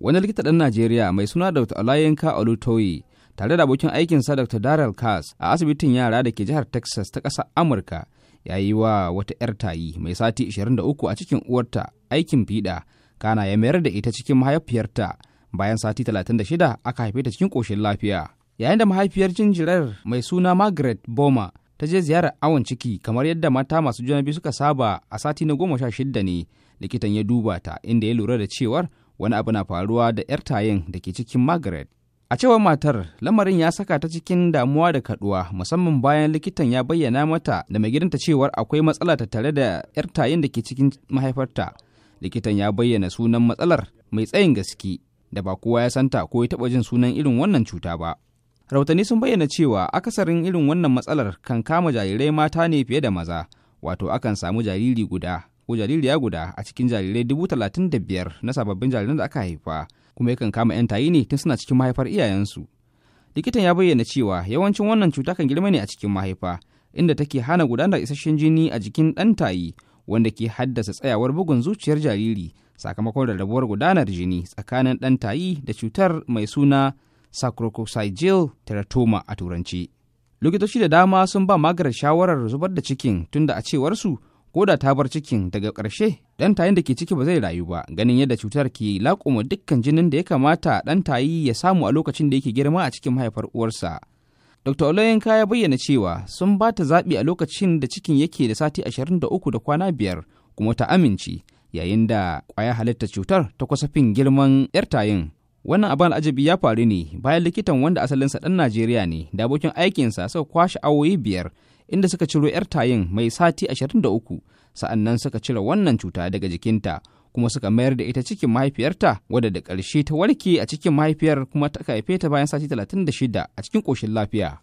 wani likita ɗan najeriya mai suna dr olayinka olutoyi tare da abokin aikinsa dr daryl kass a asibitin yara da ke jihar texas ta ƙasar amurka ya yi wa wata 'yar tayi mai sati 23 a cikin uwarta aikin fiɗa kana ya mayar da ita cikin mahaifiyarta bayan sati 36 aka haife ta cikin ƙoshin lafiya yayin da mahaifiyar jinjirar mai suna margaret boma ta je ziyarar awon ciki kamar yadda mata masu juna biyu suka saba a sati na goma sha shida ne likitan ya duba ta inda ya lura da cewar wani abu na faruwa da 'yar tayin da ke cikin margaret a cewar matar lamarin ya saka ta cikin damuwa da kaduwa musamman bayan likitan ya bayyana mata da mai gidanta cewar akwai matsala ta tare da 'yar tayin da ke cikin mahaifarta likitan ya bayyana sunan matsalar mai tsayin gaske da ba kowa ya santa ko ya taɓa jin sunan irin wannan cuta ba rautanni sun bayyana cewa akasarin irin wannan matsalar kan kama jarirai mata ne fiye da maza wato akan samu jariri guda ko jaririya guda a cikin jarirai dubu talatin da biyar na sababbin jariran da aka haifa kuma yakan kama 'yan tayi ne tun suna cikin mahaifar iyayensu likitan ya bayyana cewa yawancin wannan cuta kan girma ne a cikin mahaifa inda take hana gudanar isasshen jini a jikin ɗan tayi wanda ke haddasa tsayawar bugun zuciyar jariri sakamakon rarrabuwar gudanar jini tsakanin ɗan tayi da cutar mai suna sacrococcygeal teratoma a turanci likitoci da dama sun ba magarar shawarar zubar da cikin tunda a cewarsu ko da ta bar cikin daga ƙarshe ɗan tayin da ke ciki ba zai rayu ba ganin yadda cutar ke laƙuma dukkan jinin da ya kamata ɗan tayi ya samu a lokacin da yake girma a cikin mahaifar uwarsa dr oloyinka ya bayyana cewa sun ba ta zaɓi a lokacin da cikin yake da sati ashirin da uku da kwana biyar kuma ta amince yayin da ƙwayar halitta cutar ta fin girman 'yar tayin wannan abin al'ajabi ya faru ne bayan likitan wanda asalinsa ɗan najeriya ne da abokin aikinsa suka kwashe awoyi biyar inda suka ciro 'yar tayin mai sati 23 sa'annan suka cire wannan cuta daga jikinta kuma suka mayar da ita cikin mahaifiyarta wadda da ƙarshe ta warke a cikin mahaifiyar kuma ta haife ta bayan sati 36 a cikin ƙoshin lafiya.